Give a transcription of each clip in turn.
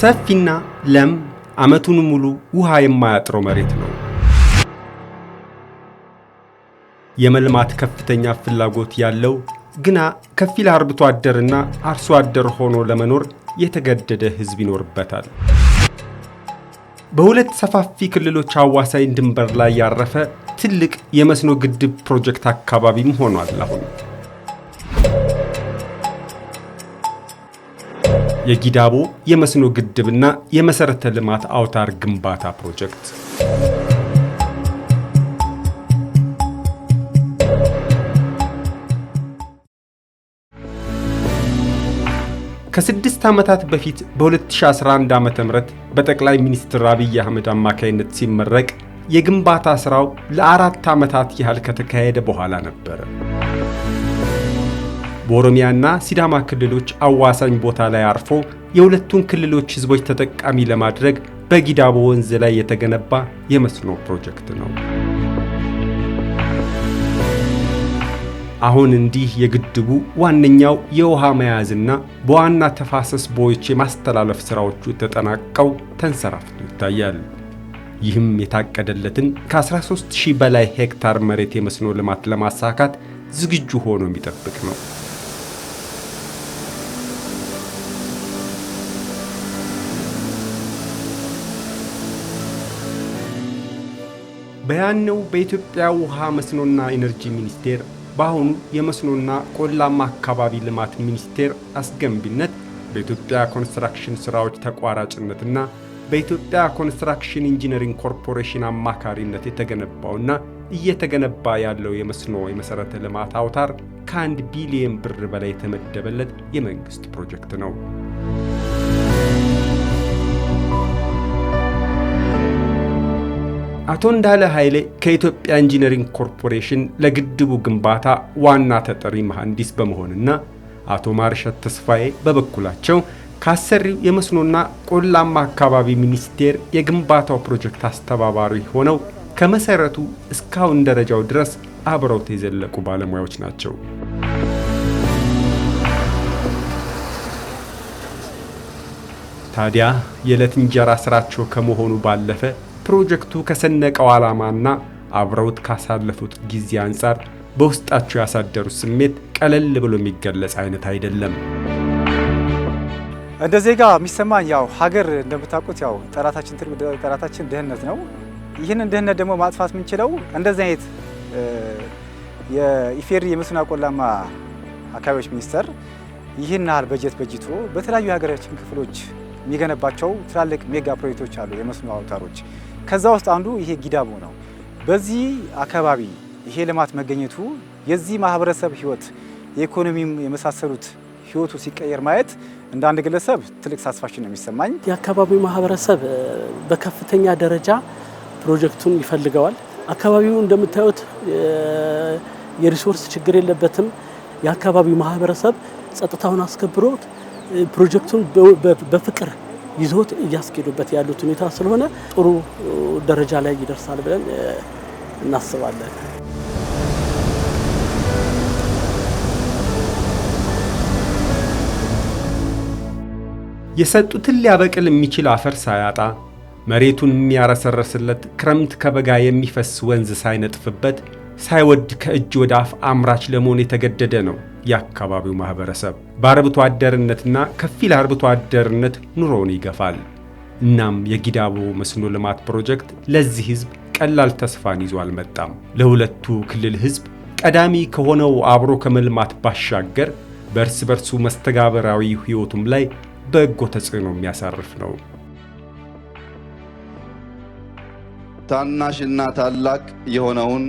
ሰፊና ለም ዓመቱን ሙሉ ውሃ የማያጥረው መሬት ነው። የመልማት ከፍተኛ ፍላጎት ያለው ግና ከፊል አርብቶ አደርና አርሶ አደር ሆኖ ለመኖር የተገደደ ሕዝብ ይኖርበታል። በሁለት ሰፋፊ ክልሎች አዋሳኝ ድንበር ላይ ያረፈ ትልቅ የመስኖ ግድብ ፕሮጀክት አካባቢም ሆኗል አሁን የጊዳቦ የመስኖ ግድብና የመሰረተ ልማት አውታር ግንባታ ፕሮጀክት ከስድስት ዓመታት በፊት በ2011 ዓ ም በጠቅላይ ሚኒስትር አብይ አህመድ አማካይነት ሲመረቅ የግንባታ ሥራው ለአራት ዓመታት ያህል ከተካሄደ በኋላ ነበር። በኦሮሚያና ሲዳማ ክልሎች አዋሳኝ ቦታ ላይ አርፎ የሁለቱን ክልሎች ህዝቦች ተጠቃሚ ለማድረግ በጊዳቦ ወንዝ ላይ የተገነባ የመስኖ ፕሮጀክት ነው። አሁን እንዲህ የግድቡ ዋነኛው የውሃ መያዝና በዋና ተፋሰስ ቦዮች የማስተላለፍ ሥራዎቹ ተጠናቀው ተንሰራፍቶ ይታያል። ይህም የታቀደለትን ከ13 ሺህ በላይ ሄክታር መሬት የመስኖ ልማት ለማሳካት ዝግጁ ሆኖ የሚጠብቅ ነው። በያነው በኢትዮጵያ ውሃ መስኖና ኢነርጂ ሚኒስቴር በአሁኑ የመስኖና ቆላማ አካባቢ ልማት ሚኒስቴር አስገንቢነት በኢትዮጵያ ኮንስትራክሽን ሥራዎች ተቋራጭነትና በኢትዮጵያ ኮንስትራክሽን ኢንጂነሪንግ ኮርፖሬሽን አማካሪነት የተገነባውና እየተገነባ ያለው የመስኖ የመሠረተ ልማት አውታር ከአንድ ቢሊየን ብር በላይ የተመደበለት የመንግሥት ፕሮጀክት ነው። አቶ እንዳለ ኃይሌ ከኢትዮጵያ ኢንጂነሪንግ ኮርፖሬሽን ለግድቡ ግንባታ ዋና ተጠሪ መሐንዲስ በመሆንና አቶ ማርሸት ተስፋዬ በበኩላቸው ከአሰሪው የመስኖና ቆላማ አካባቢ ሚኒስቴር የግንባታው ፕሮጀክት አስተባባሪ ሆነው ከመሰረቱ እስካሁን ደረጃው ድረስ አብረውት የዘለቁ ባለሙያዎች ናቸው። ታዲያ የዕለት እንጀራ ስራቸው ከመሆኑ ባለፈ ፕሮጀክቱ ከሰነቀው ዓላማና አብረውት ካሳለፉት ጊዜ አንጻር በውስጣቸው ያሳደሩት ስሜት ቀለል ብሎ የሚገለጽ አይነት አይደለም። እንደ ዜጋ የሚሰማኝ ያው ሀገር እንደምታውቁት ያው ጠላታችን ጠላታችን ድህነት ነው። ይህንን ድህነት ደግሞ ማጥፋት የምንችለው እንደዚህ አይነት የኢፌሪ የመስኖና ቆላማ አካባቢዎች ሚኒስቴር ይህን ያህል በጀት በጅቶ በተለያዩ የሀገራችን ክፍሎች የሚገነባቸው ትላልቅ ሜጋ ፕሮጀክቶች አሉ፣ የመስኖ አውታሮች ከዛ ውስጥ አንዱ ይሄ ጊዳቦ ነው። በዚህ አካባቢ ይሄ ልማት መገኘቱ የዚህ ማህበረሰብ ህይወት የኢኮኖሚም የመሳሰሉት ህይወቱ ሲቀየር ማየት እንደ አንድ ግለሰብ ትልቅ ሳትስፋክሽን ነው የሚሰማኝ። የአካባቢው ማህበረሰብ በከፍተኛ ደረጃ ፕሮጀክቱን ይፈልገዋል። አካባቢው እንደምታዩት የሪሶርስ ችግር የለበትም። የአካባቢው ማህበረሰብ ጸጥታውን አስከብሮት ፕሮጀክቱን በፍቅር ይዞት እያስኬዱበት ያሉት ሁኔታ ስለሆነ ጥሩ ደረጃ ላይ ይደርሳል ብለን እናስባለን። የሰጡትን ሊያበቅል የሚችል አፈር ሳያጣ መሬቱን የሚያረሰረስለት ክረምት ከበጋ የሚፈስ ወንዝ ሳይነጥፍበት ሳይወድ ከእጅ ወደ አፍ አምራች ለመሆን የተገደደ ነው። የአካባቢው ማህበረሰብ በአርብቶ አደርነትና ከፊል አርብቶ አደርነት ኑሮውን ይገፋል። እናም የጊዳቦ መስኖ ልማት ፕሮጀክት ለዚህ ህዝብ ቀላል ተስፋን ይዞ አልመጣም። ለሁለቱ ክልል ህዝብ ቀዳሚ ከሆነው አብሮ ከመልማት ባሻገር በእርስ በርሱ መስተጋበራዊ ህይወቱም ላይ በጎ ተጽዕኖ የሚያሳርፍ ነው። ታናሽና ታላቅ የሆነውን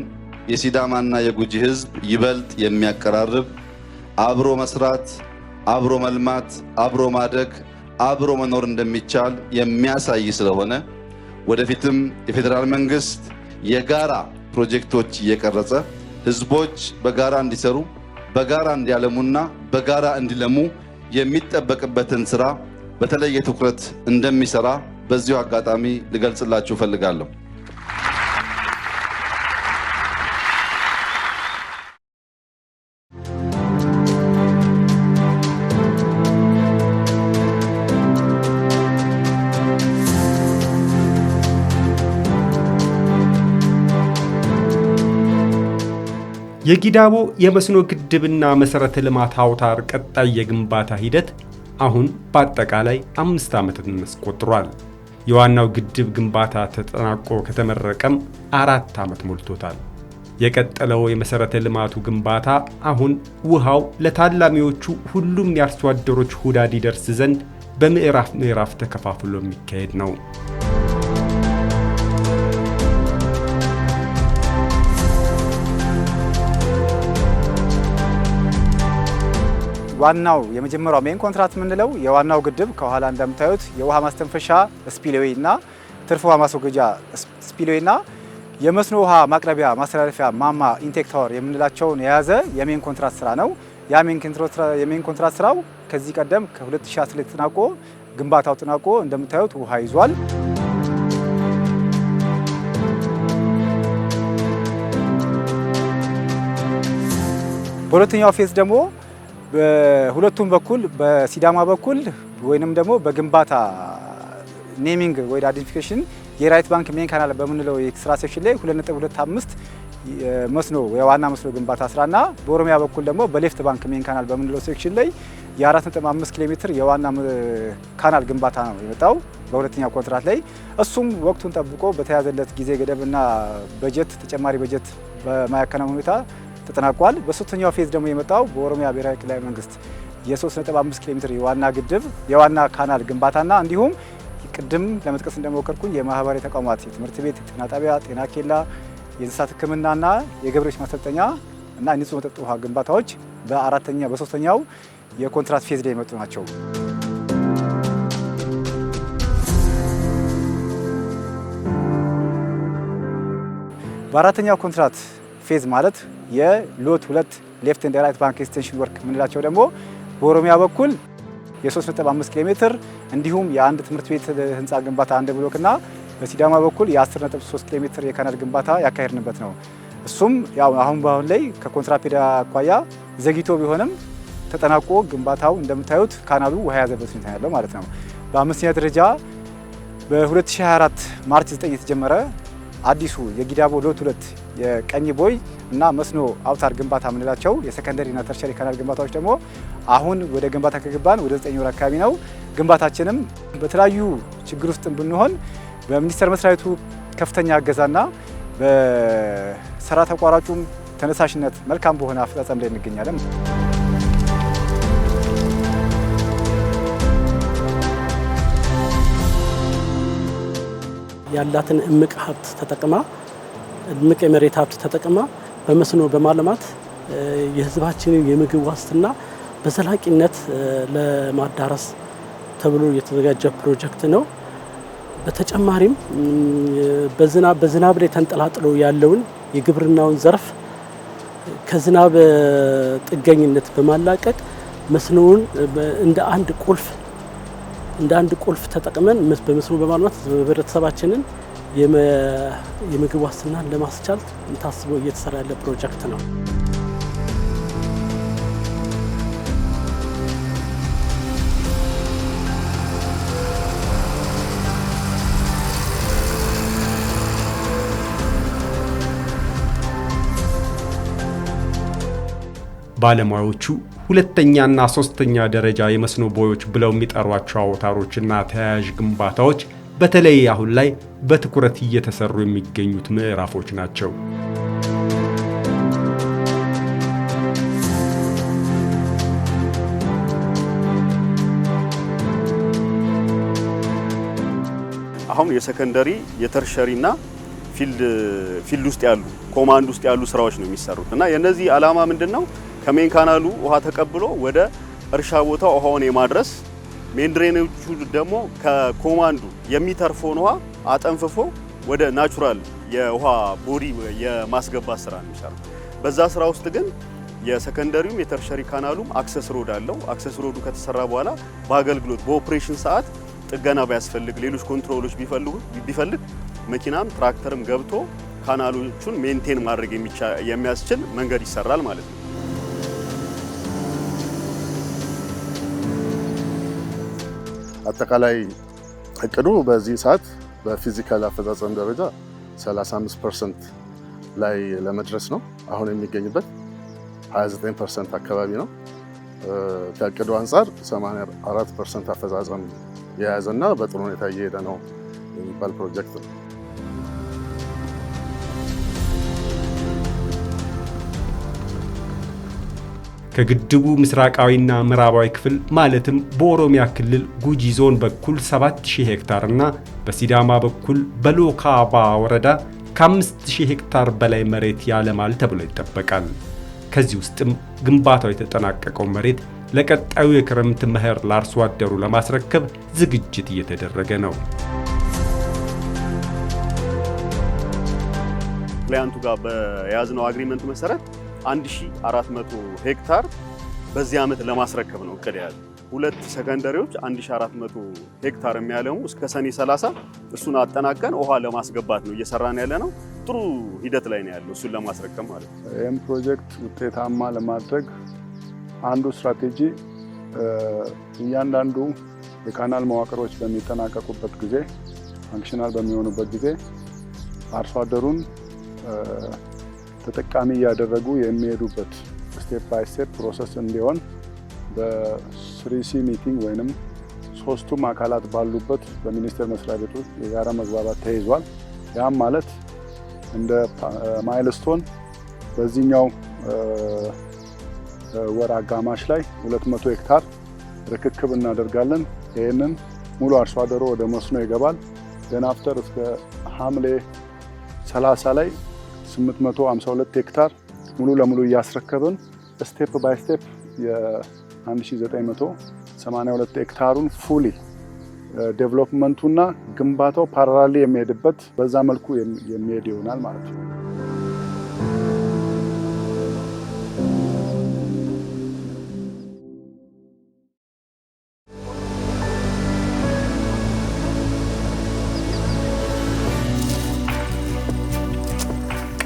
የሲዳማና የጉጂ ህዝብ ይበልጥ የሚያቀራርብ አብሮ መስራት፣ አብሮ መልማት፣ አብሮ ማደግ፣ አብሮ መኖር እንደሚቻል የሚያሳይ ስለሆነ ወደፊትም የፌዴራል መንግስት የጋራ ፕሮጀክቶች እየቀረጸ ህዝቦች በጋራ እንዲሰሩ በጋራ እንዲያለሙና በጋራ እንዲለሙ የሚጠበቅበትን ስራ በተለየ ትኩረት እንደሚሰራ በዚሁ አጋጣሚ ልገልጽላችሁ እፈልጋለሁ። የጊዳቦ የመስኖ ግድብና መሠረተ ልማት አውታር ቀጣይ የግንባታ ሂደት አሁን በአጠቃላይ አምስት ዓመትን አስቆጥሯል። የዋናው ግድብ ግንባታ ተጠናቆ ከተመረቀም አራት ዓመት ሞልቶታል። የቀጠለው የመሠረተ ልማቱ ግንባታ አሁን ውሃው ለታላሚዎቹ ሁሉም የአርሶ አደሮች ሁዳድ ይደርስ ዘንድ በምዕራፍ ምዕራፍ ተከፋፍሎ የሚካሄድ ነው። ዋናው የመጀመሪያው ሜን ኮንትራት የምንለው የዋናው ግድብ ከኋላ እንደምታዩት የውሃ ማስተንፈሻ ስፒልዌይ እና ትርፍ ውሃ ማስወገጃ ስፒልዌይ እና የመስኖ ውሃ ማቅረቢያ ማስተላለፊያ ማማ ኢንቴክ ታወር የምንላቸውን የያዘ የሜን ኮንትራት ስራ ነው። ያ የሜን ኮንትራት ስራው ከዚህ ቀደም ከ2010 ተጠናቆ ግንባታው ተጠናቆ እንደምታዩት ውሃ ይዟል። በሁለተኛው ፌዝ ደግሞ በሁለቱም በኩል በሲዳማ በኩል ወይንም ደግሞ በግንባታ ኔሚንግ ወይ አይዴንቲፊኬሽን የራይት ባንክ ሜን ካናል በምንለው የስራ ሴክሽን ላይ 2.25 መስኖ የዋና መስኖ ግንባታ ስራና በኦሮሚያ በኩል ደግሞ በሌፍት ባንክ ሜን ካናል በምንለው ሴክሽን ላይ የ4.5 ኪሎ ሜትር የዋና ካናል ግንባታ ነው የመጣው በሁለተኛው ኮንትራት ላይ። እሱም ወቅቱን ጠብቆ በተያዘለት ጊዜ ገደብና በጀት ተጨማሪ በጀት በማያከናወን ሁኔታ ተጠናቋል። በሶስተኛው ፌዝ ደግሞ የመጣው በኦሮሚያ ብሔራዊ ክልላዊ መንግስት የ3.5 ኪሎ ሜትር የዋና ግድብ የዋና ካናል ግንባታና እንዲሁም ቅድም ለመጥቀስ እንደሞከርኩኝ የማህበራዊ ተቋማት የትምህርት ቤት፣ ጤና ጣቢያ፣ ጤና ኬላ፣ የእንስሳት ሕክምናና የገበሬዎች ማሰልጠኛ እና ንጹህ መጠጥ ውሃ ግንባታዎች በአራተኛ በሶስተኛው የኮንትራት ፌዝ ላይ የመጡ ናቸው። በአራተኛው ኮንትራት ፌዝ ማለት የሎት ሁለት ሌፍት ኤንድ ራይት ባንክ ኤክስቴንሽን ወርክ የምንላቸው ደግሞ በኦሮሚያ በኩል የ3.5 ኪሎ ሜትር እንዲሁም የአንድ ትምህርት ቤት ህንፃ ግንባታ አንድ እና በሲዳማ በኩል የ10.3 ኪሎ ሜትር የካናል ግንባታ ያካሄድንበት ነው። እሱም ያው አሁን በአሁን ላይ ከኮንትራት አኳያ ዘግይቶ ቢሆንም ተጠናቆ ግንባታው እንደምታዩት ካናሉ ውሃ የያዘበት ሁኔታ ያለው ማለት ነው። በአምስተኛ ደረጃ በ2024 ማርች 9 የተጀመረ አዲሱ የጊዳቦ ሎት ሁለት የቀኝ ቦይ እና መስኖ አውታር ግንባታ የምንላቸው የሰከንደሪ እና ተርሸሪ ካናል ግንባታዎች ደግሞ አሁን ወደ ግንባታ ከገባን ወደ ዘጠኝ ወር አካባቢ ነው። ግንባታችንም በተለያዩ ችግር ውስጥ ብንሆን በሚኒስቴር መስሪያ ቤቱ ከፍተኛ እገዛና በስራ ተቋራጩም ተነሳሽነት መልካም በሆነ አፈጻጸም ላይ እንገኛለን። ያላትን እምቅ ሀብት ተጠቅማ እምቅ የመሬት ሀብት ተጠቅማ በመስኖ በማልማት የህዝባችን የምግብ ዋስትና በዘላቂነት ለማዳረስ ተብሎ የተዘጋጀ ፕሮጀክት ነው። በተጨማሪም በዝናብ ላይ ተንጠላጥሎ ያለውን የግብርናውን ዘርፍ ከዝናብ ጥገኝነት በማላቀቅ መስኖውን እንደ አንድ ቁልፍ እንደ አንድ ቁልፍ ተጠቅመን በመስኖ በማልማት ህብረተሰባችንን የምግብ ዋስትናን ለማስቻል ታስቦ እየተሰራ ያለ ፕሮጀክት ነው። ባለሙያዎቹ ሁለተኛና ሶስተኛ ደረጃ የመስኖ ቦዮች ብለው የሚጠሯቸው አውታሮችና ተያያዥ ግንባታዎች በተለይ አሁን ላይ በትኩረት እየተሰሩ የሚገኙት ምዕራፎች ናቸው። አሁን የሰከንደሪ የተርሸሪና ፊልድ ውስጥ ያሉ ኮማንድ ውስጥ ያሉ ስራዎች ነው የሚሰሩት እና የነዚህ አላማ ምንድን ነው? ከሜን ካናሉ ውሃ ተቀብሎ ወደ እርሻ ቦታ ውሃውን የማድረስ ሜንድሬኖቹ ደግሞ ከኮማንዱ የሚተርፈውን ውሃ አጠንፍፎ ወደ ናቹራል የውሃ ቦዲ የማስገባት ስራ ነው የሚሰራው። በዛ ስራ ውስጥ ግን የሰከንደሪውም የተርሸሪ ካናሉም አክሰስ ሮድ አለው። አክሰስ ሮዱ ከተሰራ በኋላ በአገልግሎት በኦፕሬሽን ሰዓት ጥገና ቢያስፈልግ ሌሎች ኮንትሮሎች ቢፈልግ መኪናም ትራክተርም ገብቶ ካናሎቹን ሜንቴን ማድረግ የሚያስችል መንገድ ይሰራል ማለት ነው። አጠቃላይ እቅዱ በዚህ ሰዓት በፊዚካል አፈጻጸም ደረጃ 35 ፐርሰንት ላይ ለመድረስ ነው። አሁን የሚገኝበት 29 ፐርሰንት አካባቢ ነው። ከእቅዱ አንጻር 84 ፐርሰንት አፈጻጸም የያዘ እና በጥሩ ሁኔታ እየሄደ ነው የሚባል ፕሮጀክት ነው። ከግድቡ ምስራቃዊና ምዕራባዊ ክፍል ማለትም በኦሮሚያ ክልል ጉጂ ዞን በኩል 7000 ሄክታር እና በሲዳማ በኩል በሎካባ ወረዳ ከ5000 ሄክታር በላይ መሬት ያለማል ተብሎ ይጠበቃል። ከዚህ ውስጥም ግንባታው የተጠናቀቀው መሬት ለቀጣዩ የክረምት መኸር ለአርሶ አደሩ ለማስረከብ ዝግጅት እየተደረገ ነው። ክላያንቱ ጋር በያዝነው አግሪመንት መሰረት 1400 ሄክታር በዚህ ዓመት ለማስረከብ ነው እቅድ ያለ። ሁለት ሰከንደሪዎች 1400 ሄክታር የሚያለሙ እስከ ሰኔ 30 እሱን አጠናቀን ውሃ ለማስገባት ነው እየሰራን ያለ ነው። ጥሩ ሂደት ላይ ነው ያለው እሱን ለማስረከብ ማለት ነው። ይህም ፕሮጀክት ውጤታማ ለማድረግ አንዱ ስትራቴጂ እያንዳንዱ የካናል መዋቅሮች በሚጠናቀቁበት ጊዜ ፋንክሽናል በሚሆኑበት ጊዜ አርሶ አደሩን ተጠቃሚ እያደረጉ የሚሄዱበት ስቴፕ ባይ ስቴፕ ፕሮሰስ እንዲሆን በስሪሲ ሚቲንግ ወይንም ሶስቱም አካላት ባሉበት በሚኒስቴር መስሪያ ቤቶች የጋራ መግባባት ተይዟል። ያም ማለት እንደ ማይልስቶን በዚህኛው ወር አጋማሽ ላይ 200 ሄክታር ርክክብ እናደርጋለን። ይህንን ሙሉ አርሶ አደሮ ወደ መስኖ ይገባል። ደን አፍተር እስከ ሐምሌ 30 ላይ 852 ሄክታር ሙሉ ለሙሉ እያስረከብን ስቴፕ ባይ ስቴፕ የ1982 ሄክታሩን ፉሊ ዴቨሎፕመንቱና ግንባታው ፓራሌል የሚሄድበት በዛ መልኩ የሚሄድ ይሆናል ማለት ነው።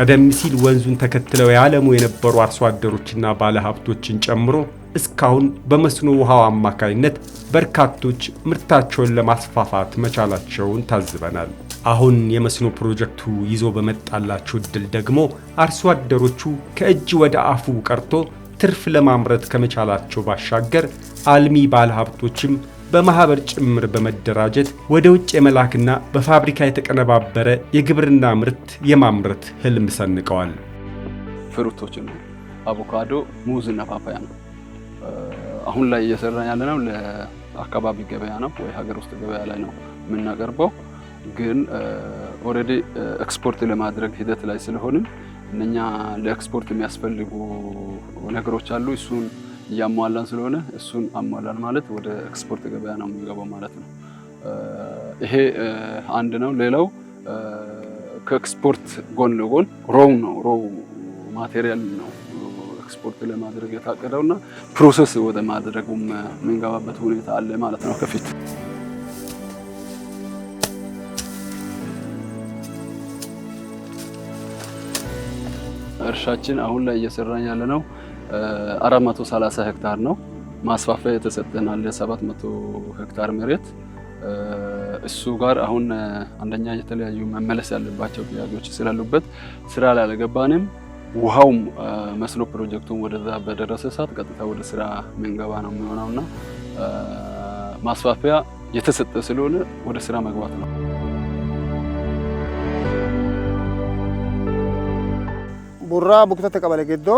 ቀደም ሲል ወንዙን ተከትለው ያለሙ የነበሩ አርሶ አደሮችና ባለሀብቶችን ጨምሮ እስካሁን በመስኖ ውሃው አማካኝነት በርካቶች ምርታቸውን ለማስፋፋት መቻላቸውን ታዝበናል። አሁን የመስኖ ፕሮጀክቱ ይዞ በመጣላቸው እድል ደግሞ አርሶ አደሮቹ ከእጅ ወደ አፉ ቀርቶ ትርፍ ለማምረት ከመቻላቸው ባሻገር አልሚ ባለሀብቶችም በማህበር ጭምር በመደራጀት ወደ ውጭ የመላክና በፋብሪካ የተቀነባበረ የግብርና ምርት የማምረት ህልም ሰንቀዋል። ፍሩቶች ነው፣ አቮካዶ፣ ሙዝና ፓፓያ ነው። አሁን ላይ እየሰራን ነው ለአካባቢ ገበያ ነው ወይ ሀገር ውስጥ ገበያ ላይ ነው የምናቀርበው። ግን ኦልሬዲ ኤክስፖርት ለማድረግ ሂደት ላይ ስለሆንም እነኛ ለኤክስፖርት የሚያስፈልጉ ነገሮች አሉ እሱን እያሟላን ስለሆነ እሱን አሟላን ማለት ወደ ኤክስፖርት ገበያ ነው የሚገባው ማለት ነው። ይሄ አንድ ነው። ሌላው ከኤክስፖርት ጎን ለጎን ሮው ነው ሮው ማቴሪያል ነው ኤክስፖርት ለማድረግ የታቀደው እና ፕሮሰስ ወደ ማድረጉም የምንገባበት ሁኔታ አለ ማለት ነው ከፊት እርሻችን አሁን ላይ እየሰራን ያለ ነው 430 ሄክታር ነው። ማስፋፊያ የተሰጠናል የ700 ሄክታር መሬት እሱ ጋር አሁን አንደኛ የተለያዩ መመለስ ያለባቸው ጥያቄዎች ስላሉበት ስራ ላይ አልገባንም። ውሃውም መስሎ ፕሮጀክቱን ወደዛ በደረሰ ሰዓት ቀጥታ ወደ ስራ መንገባ ነው የሚሆነውና ማስፋፊያ የተሰጠ ስለሆነ ወደ ስራ መግባት ነው። ቡራ ቡክተተ ቀበሌ ጌዶ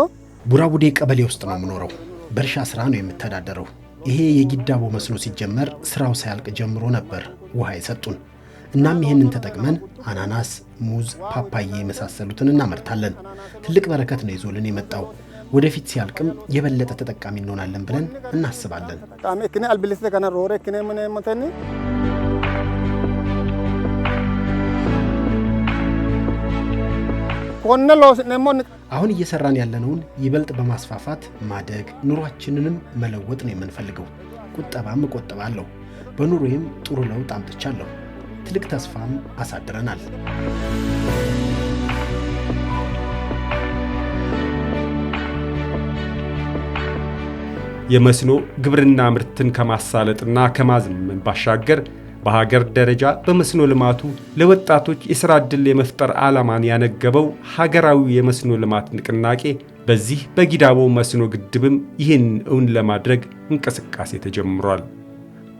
ቡራቡዴ ቀበሌ ውስጥ ነው የምኖረው። በእርሻ ስራ ነው የምተዳደረው። ይሄ የጊዳቦ መስኖ ሲጀመር ስራው ሳያልቅ ጀምሮ ነበር ውሃ የሰጡን። እናም ይህንን ተጠቅመን አናናስ፣ ሙዝ፣ ፓፓዬ የመሳሰሉትን እናመርታለን። ትልቅ በረከት ነው ይዞልን የመጣው። ወደፊት ሲያልቅም የበለጠ ተጠቃሚ እንሆናለን ብለን እናስባለን። አሁን እየሰራን ያለነውን ይበልጥ በማስፋፋት ማደግ፣ ኑሯችንንም መለወጥ ነው የምንፈልገው። ቁጠባም እቆጥባለሁ። በኑሮዬም ጥሩ ለውጥ አምጥቻለሁ። ትልቅ ተስፋም አሳድረናል። የመስኖ ግብርና ምርትን ከማሳለጥና ከማዘመን ባሻገር በሀገር ደረጃ በመስኖ ልማቱ ለወጣቶች የሥራ ዕድል የመፍጠር ዓላማን ያነገበው ሀገራዊ የመስኖ ልማት ንቅናቄ በዚህ በጊዳቦ መስኖ ግድብም ይህን እውን ለማድረግ እንቅስቃሴ ተጀምሯል።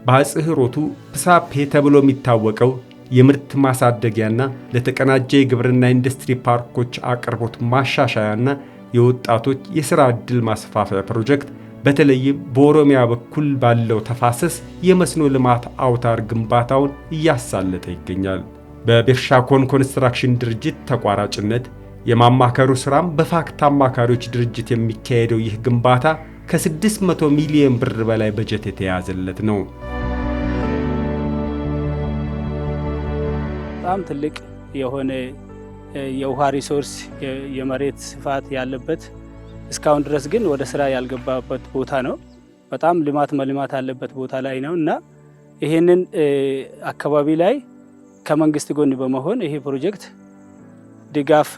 በአጽሕሮቱ ፕሳፔ ተብሎ የሚታወቀው የምርት ማሳደጊያና ለተቀናጀ የግብርና ኢንዱስትሪ ፓርኮች አቅርቦት ማሻሻያና የወጣቶች የሥራ ዕድል ማስፋፊያ ፕሮጀክት በተለይም በኦሮሚያ በኩል ባለው ተፋሰስ የመስኖ ልማት አውታር ግንባታውን እያሳለጠ ይገኛል። በቤርሻኮን ኮንስትራክሽን ድርጅት ተቋራጭነት የማማከሩ ሥራም በፋክት አማካሪዎች ድርጅት የሚካሄደው ይህ ግንባታ ከ600 ሚሊዮን ብር በላይ በጀት የተያዘለት ነው። በጣም ትልቅ የሆነ የውሃ ሪሶርስ የመሬት ስፋት ያለበት እስካሁን ድረስ ግን ወደ ስራ ያልገባበት ቦታ ነው። በጣም ልማት መልማት አለበት ቦታ ላይ ነው እና ይህንን አካባቢ ላይ ከመንግስት ጎን በመሆን ይሄ ፕሮጀክት ድጋፍ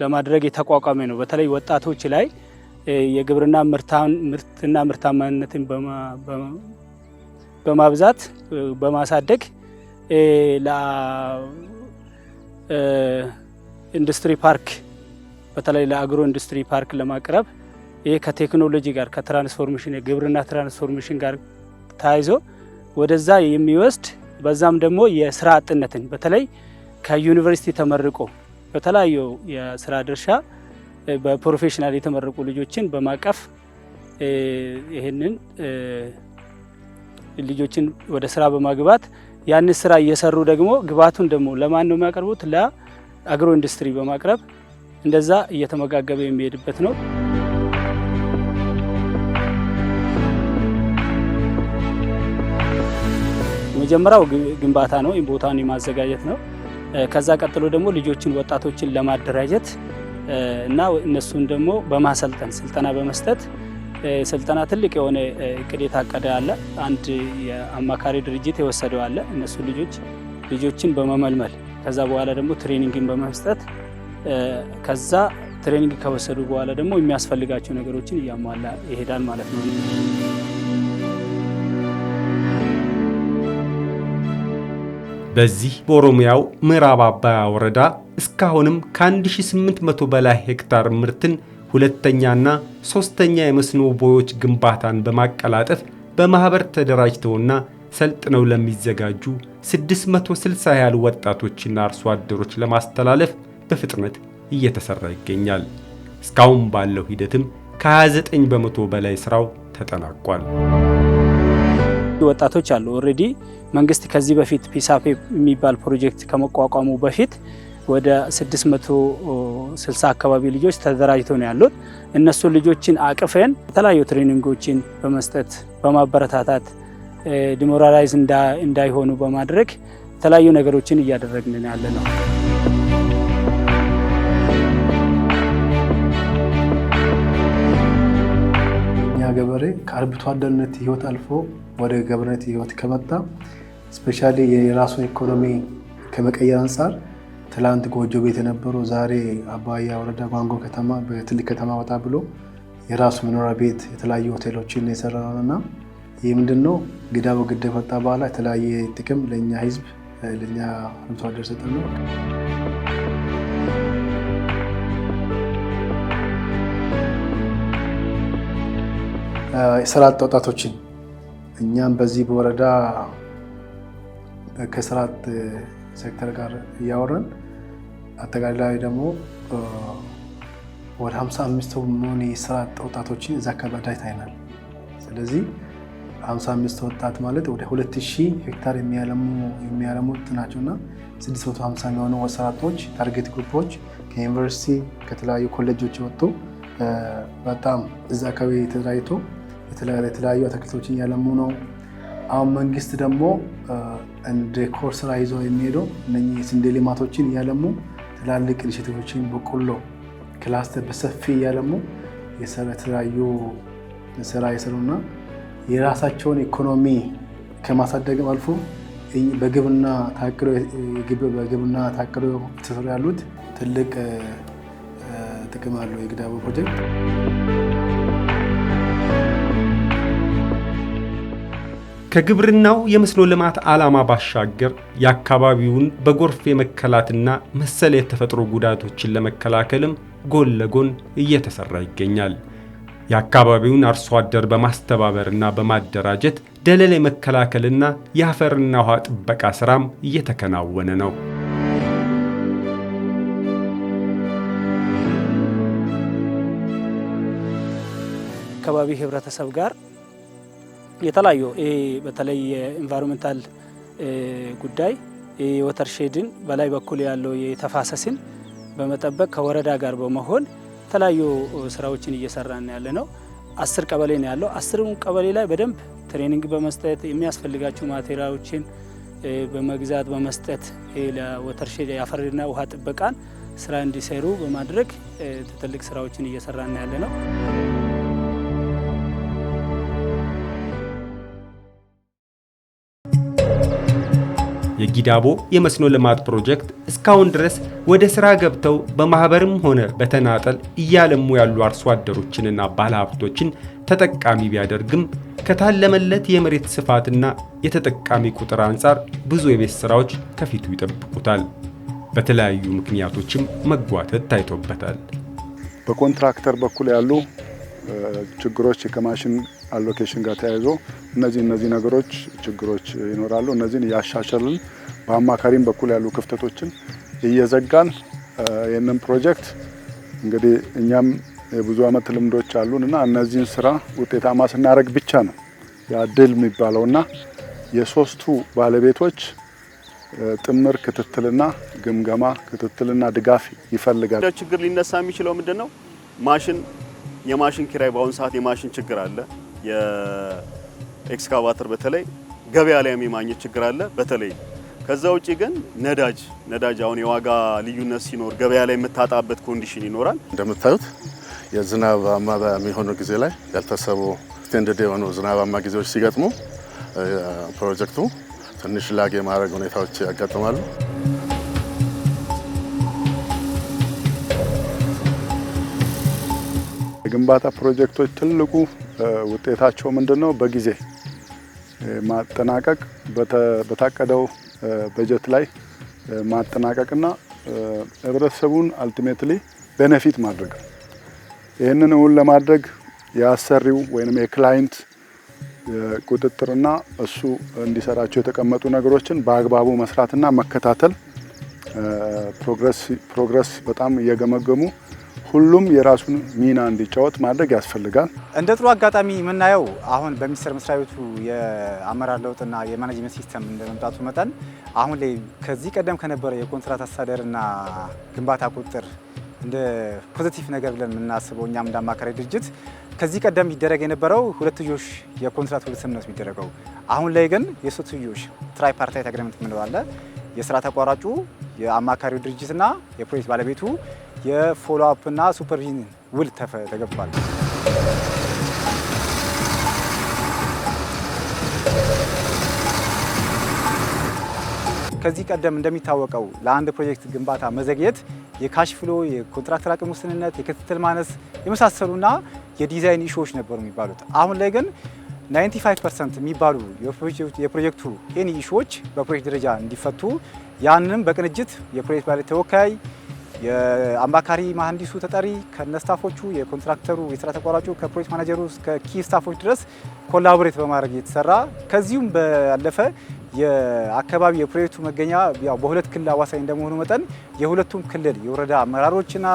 ለማድረግ የተቋቋመ ነው። በተለይ ወጣቶች ላይ የግብርና ምርትና ምርታማነትን በማብዛት በማሳደግ ለኢንዱስትሪ ፓርክ በተለይ ለአግሮ ኢንዱስትሪ ፓርክ ለማቅረብ ይህ ከቴክኖሎጂ ጋር ከትራንስፎርሜሽን የግብርና ትራንስፎርሜሽን ጋር ተያይዞ ወደዛ የሚወስድ በዛም ደግሞ የስራ አጥነትን በተለይ ከዩኒቨርሲቲ ተመርቆ በተለያዩ የስራ ድርሻ በፕሮፌሽናል የተመረቁ ልጆችን በማቀፍ ይህንን ልጆችን ወደ ስራ በማግባት ያንን ስራ እየሰሩ ደግሞ ግባቱን ደግሞ ለማን ነው የሚያቀርቡት? ለአግሮ ኢንዱስትሪ በማቅረብ እንደዛ እየተመጋገበ የሚሄድበት ነው። የመጀመሪያው ግንባታ ነው፣ ቦታውን የማዘጋጀት ነው። ከዛ ቀጥሎ ደግሞ ልጆችን ወጣቶችን ለማደራጀት እና እነሱን ደግሞ በማሰልጠን ስልጠና በመስጠት ስልጠና ትልቅ የሆነ እቅድ የታቀደ አለ። አንድ የአማካሪ ድርጅት የወሰደው አለ። እነሱ ልጆች ልጆችን በመመልመል ከዛ በኋላ ደግሞ ትሬኒንግን በመስጠት ከዛ ትሬኒንግ ከወሰዱ በኋላ ደግሞ የሚያስፈልጋቸው ነገሮችን እያሟላ ይሄዳል ማለት ነው። በዚህ በኦሮሚያው ምዕራብ አባያ ወረዳ እስካሁንም ከ1800 በላይ ሄክታር ምርትን ሁለተኛና ሶስተኛ የመስኖ ቦዮች ግንባታን በማቀላጠፍ በማኅበር ተደራጅተውና ሰልጥነው ለሚዘጋጁ 660 ያህል ወጣቶችና አርሶ አደሮች ለማስተላለፍ በፍጥነት እየተሰራ ይገኛል። እስካሁን ባለው ሂደትም ከ29 በመቶ በላይ ስራው ተጠናቋል። ወጣቶች አሉ። ኦልሬዲ መንግስት ከዚህ በፊት ፒሳፔ የሚባል ፕሮጀክት ከመቋቋሙ በፊት ወደ 660 አካባቢ ልጆች ተደራጅተው ነው ያሉት። እነሱን ልጆችን አቅፈን የተለያዩ ትሬኒንጎችን በመስጠት በማበረታታት ዲሞራላይዝ እንዳይሆኑ በማድረግ የተለያዩ ነገሮችን እያደረግን ያለ ነው። ገበሬ ከአርብቶ አደርነት ህይወት አልፎ ወደ ገበሬነት ህይወት ከመጣ ስፔሻሊ የራሱን ኢኮኖሚ ከመቀየር አንጻር ትላንት ጎጆ ቤት የነበሩ ዛሬ አባያ ወረዳ ጓንጎ ከተማ በትልቅ ከተማ ወጣ ብሎ የራሱ መኖሪያ ቤት የተለያዩ ሆቴሎችን የሰራ ነው እና ይህ ምንድን ነው ግዳ በግዳ የመጣ በኋላ የተለያየ ጥቅም ለእኛ ህዝብ ለእኛ አርብቶ አደር ሰጠ ነው። የስራ አጥ ወጣቶችን እኛም በዚህ በወረዳ ከስራ አጥ ሴክተር ጋር እያወረን አጠቃላይ ደግሞ ወደ 55 የሚሆን የስራ አጥ ወጣቶችን እዛ አካባቢ ታይናል። ስለዚህ 55 ወጣት ማለት ወደ 2000 ሄክታር የሚያለሙት ናቸው እና 650 የሚሆኑ ወጣቶች ታርጌት ግሩፖች ከዩኒቨርሲቲ ከተለያዩ ኮሌጆች ወጥቶ በጣም እዛ አካባቢ ተደራጅቶ የተለያዩ አትክልቶችን እያለሙ ነው። አሁን መንግስት ደግሞ እንደ ኮር ስራ ይዞ የሚሄደው እነኚህ የስንዴ ልማቶችን እያለሙ ትላልቅ ኢኒሽቲቮችን በቆሎ ክላስተር በሰፊ እያለሙ የተለያዩ ስራ የሰሩና የራሳቸውን ኢኮኖሚ ከማሳደግም አልፎ በግብርና በግብርና ታቅዶ ተሰሩ ያሉት ትልቅ ጥቅም አለው የግዳቦ ፕሮጀክት። ከግብርናው የመስኖ ልማት ዓላማ ባሻገር የአካባቢውን በጎርፍ የመከላትና መሰል የተፈጥሮ ጉዳቶችን ለመከላከልም ጎን ለጎን እየተሰራ ይገኛል። የአካባቢውን አርሶ አደር በማስተባበርና በማደራጀት ደለል የመከላከልና የአፈርና ውሃ ጥበቃ ሥራም እየተከናወነ ነው። አካባቢ ህብረተሰብ ጋር የተለያዩ በተለይ የኢንቫይሮንመንታል ጉዳይ ወተርሼድን በላይ በኩል ያለው የተፋሰስን በመጠበቅ ከወረዳ ጋር በመሆን የተለያዩ ስራዎችን እየሰራን ያለ ነው። አስር ቀበሌ ነው ያለው። አስሩም ቀበሌ ላይ በደንብ ትሬኒንግ በመስጠት የሚያስፈልጋቸው ማቴሪያሎችን በመግዛት በመስጠት ለወተርሼድ የአፈርና ውሃ ጥበቃን ስራ እንዲሰሩ በማድረግ ትልቅ ስራዎችን እየሰራን ያለ ነው። ጊዳቦ የመስኖ ልማት ፕሮጀክት እስካሁን ድረስ ወደ ስራ ገብተው በማህበርም ሆነ በተናጠል እያለሙ ያሉ አርሶ አደሮችንና ባለሀብቶችን ተጠቃሚ ቢያደርግም ከታለመለት የመሬት ስፋትና የተጠቃሚ ቁጥር አንጻር ብዙ የቤት ስራዎች ከፊቱ ይጠብቁታል። በተለያዩ ምክንያቶችም መጓተት ታይቶበታል። በኮንትራክተር በኩል ያሉ ችግሮች ከማሽን አሎኬሽን ጋር ተያይዞ እነዚህ እነዚህ ነገሮች ችግሮች ይኖራሉ። እነዚህን እያሻሸልን በአማካሪም በኩል ያሉ ክፍተቶችን እየዘጋን ይህንን ፕሮጀክት እንግዲህ እኛም የብዙ ዓመት ልምዶች አሉን እና እነዚህን ስራ ውጤታማ ስናደርግ ብቻ ነው የሚባለው የሚባለውና የሶስቱ ባለቤቶች ጥምር ክትትልና ግምገማ ክትትልና ድጋፍ ይፈልጋል። ችግር ሊነሳ የሚችለው ምንድን ነው? ማሽን የማሽን ኪራይ በአሁኑ ሰዓት የማሽን ችግር አለ። የኤክስካቫተር በተለይ ገበያ ላይ የማግኘት ችግር አለ። በተለይ ከዛ ውጪ ግን ነዳጅ ነዳጅ አሁን የዋጋ ልዩነት ሲኖር ገበያ ላይ የምታጣበት ኮንዲሽን ይኖራል። እንደምታዩት የዝናባማ በሚሆኑ ጊዜ ላይ ያልተሰቡ ስቴንደድ የሆኑ ዝናባማ ጊዜዎች ሲገጥሙ ፕሮጀክቱ ትንሽ ላግ የማድረግ ሁኔታዎች ያጋጥማሉ። የግንባታ ፕሮጀክቶች ትልቁ ውጤታቸው ምንድን ነው? በጊዜ ማጠናቀቅ፣ በታቀደው በጀት ላይ ማጠናቀቅና ህብረተሰቡን አልቲሜትሊ ቤኔፊት ማድረግ ይህንን እውን ለማድረግ የአሰሪው ወይም የክላይንት ቁጥጥርና እሱ እንዲሰራቸው የተቀመጡ ነገሮችን በአግባቡ መስራትና መከታተል ፕሮግረስ በጣም እየገመገሙ ሁሉም የራሱን ሚና እንዲጫወት ማድረግ ያስፈልጋል። እንደ ጥሩ አጋጣሚ የምናየው አሁን በሚኒስቴር መስሪያ ቤቱ የአመራር ለውጥና የማኔጅመንት ሲስተም እንደመምጣቱ መጠን አሁን ላይ ከዚህ ቀደም ከነበረ የኮንትራት አስተዳደርና ግንባታ ቁጥጥር እንደ ፖዘቲቭ ነገር ብለን የምናስበው እኛም እንደ አማካሪ ድርጅት ከዚህ ቀደም ይደረግ የነበረው ሁለትዮሽ የኮንትራት ውል ስምምነት የሚደረገው አሁን ላይ ግን የሶስትዮሽ ትራይፓርታይት አግሪመንት የምንለው አለ። የስራ ተቋራጩ የአማካሪው ድርጅትና የፕሮጀክት ባለቤቱ እና ሱፐርቪዥን ውል ተገባል። ከዚህ ቀደም እንደሚታወቀው ለአንድ ፕሮጀክት ግንባታ መዘግየት የካሽ ፍሎ፣ የኮንትራክተር አቅም ውስንነት፣ የክትትል ማነስ የመሳሰሉና የዲዛይን ኢሹዎች ነበሩ የሚባሉት። አሁን ላይ ግን 95 ፐርሰንት የሚባሉ የፕሮጀክቱ ኤኒ ኢሹዎች በፕሮጀክት ደረጃ እንዲፈቱ ያንንም በቅንጅት የፕሮጀክት ባለ ተወካይ የአማካሪ መሐንዲሱ ተጠሪ ከነስታፎቹ የኮንትራክተሩ የስራ ተቋራጩ ከፕሮጀክት ማናጀሩ እስከ ኪ ስታፎች ድረስ ኮላቦሬት በማድረግ የተሰራ ከዚሁም ባለፈ የአካባቢ የፕሮጀክቱ መገኛ በሁለት ክልል አዋሳኝ እንደመሆኑ መጠን የሁለቱም ክልል የወረዳ አመራሮችና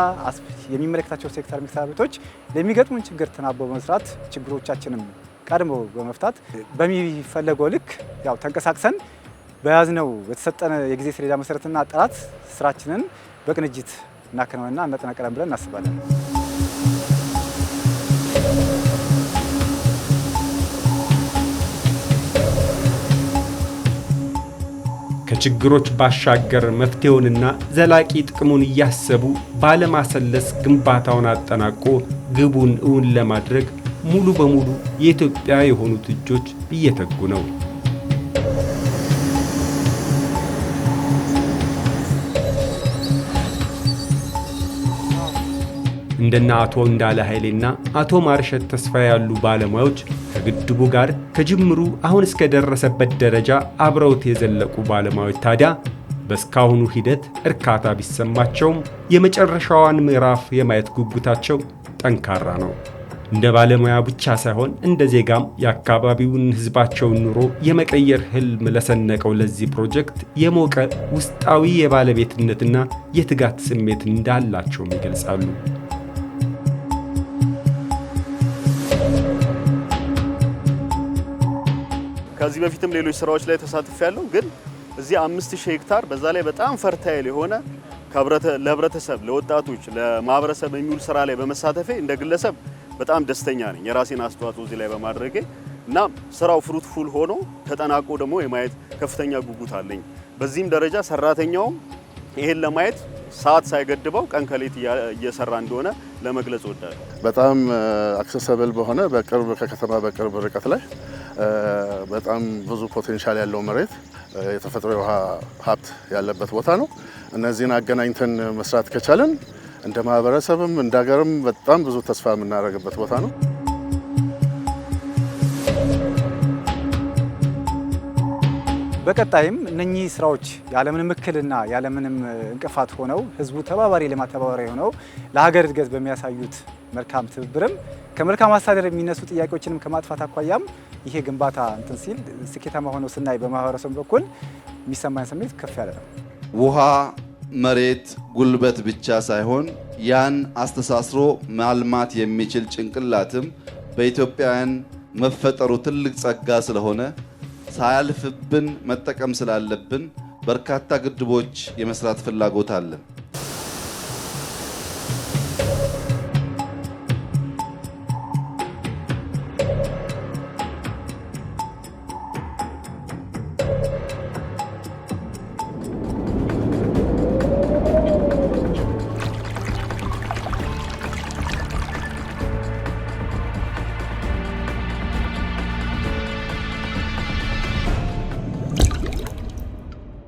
የሚመለከታቸው ሴክተር መስሪያ ቤቶች ለሚገጥሙን ችግር ተናቦ በመስራት ችግሮቻችንም ቀድሞ በመፍታት በሚፈለገው ልክ ያው ተንቀሳቅሰን በያዝነው በተሰጠነ የጊዜ ሰሌዳ መሰረትና ጥራት ስራችንን በቅንጅት እናከናወንና እናጠናቀራለን ብለን እናስባለን። ከችግሮች ባሻገር መፍትሄውንና ዘላቂ ጥቅሙን እያሰቡ ባለማሰለስ ግንባታውን አጠናቆ ግቡን እውን ለማድረግ ሙሉ በሙሉ የኢትዮጵያ የሆኑት እጆች እየተጉ ነው። እንደነ አቶ እንዳለ ኃይሌና አቶ ማርሸት ተስፋ ያሉ ባለሙያዎች ከግድቡ ጋር ከጅምሩ አሁን እስከደረሰበት ደረጃ አብረውት የዘለቁ ባለሙያዎች ታዲያ በእስካሁኑ ሂደት እርካታ ቢሰማቸውም የመጨረሻዋን ምዕራፍ የማየት ጉጉታቸው ጠንካራ ነው። እንደ ባለሙያ ብቻ ሳይሆን እንደ ዜጋም የአካባቢውን ሕዝባቸውን ኑሮ የመቀየር ህልም ለሰነቀው ለዚህ ፕሮጀክት የሞቀ ውስጣዊ የባለቤትነትና የትጋት ስሜት እንዳላቸውም ይገልጻሉ። ከዚህ በፊትም ሌሎች ስራዎች ላይ ተሳትፍ ያለው ግን እዚህ አምስት ሺህ ሄክታር በዛ ላይ በጣም ፈርታይል የሆነ ለህብረተሰብ፣ ለወጣቶች፣ ለማህበረሰብ የሚውል ስራ ላይ በመሳተፌ እንደ ግለሰብ በጣም ደስተኛ ነኝ። የራሴን አስተዋጽኦ እዚህ ላይ በማድረጌ እና ስራው ፍሩትፉል ሆኖ ተጠናቆ ደግሞ የማየት ከፍተኛ ጉጉት አለኝ። በዚህም ደረጃ ሰራተኛውም ይሄን ለማየት ሰዓት ሳይገድበው ቀን ከሌት እየሰራ እንደሆነ ለመግለጽ ወዳለ በጣም አክሰሰብል በሆነ በቅርብ ከከተማ በቅርብ ርቀት ላይ በጣም ብዙ ፖቴንሻል ያለው መሬት የተፈጥሮ የውሃ ሀብት ያለበት ቦታ ነው። እነዚህን አገናኝተን መስራት ከቻለን እንደ ማህበረሰብም እንደ ሀገርም በጣም ብዙ ተስፋ የምናደርግበት ቦታ ነው። በቀጣይም እነኚህ ስራዎች ያለምንም እክልና ያለምንም እንቅፋት ሆነው ህዝቡ ተባባሪ ልማት ተባባሪ ሆነው ለሀገር እድገት በሚያሳዩት መልካም ትብብርም ከመልካም አስተዳደር የሚነሱ ጥያቄዎችንም ከማጥፋት አኳያም ይሄ ግንባታ እንትን ሲል ስኬታማ ሆነው ስናይ በማህበረሰቡ በኩል የሚሰማኝ ስሜት ከፍ ያለ ነው። ውሃ፣ መሬት፣ ጉልበት ብቻ ሳይሆን ያን አስተሳስሮ ማልማት የሚችል ጭንቅላትም በኢትዮጵያውያን መፈጠሩ ትልቅ ጸጋ ስለሆነ ሳያልፍብን መጠቀም ስላለብን በርካታ ግድቦች የመስራት ፍላጎት አለን።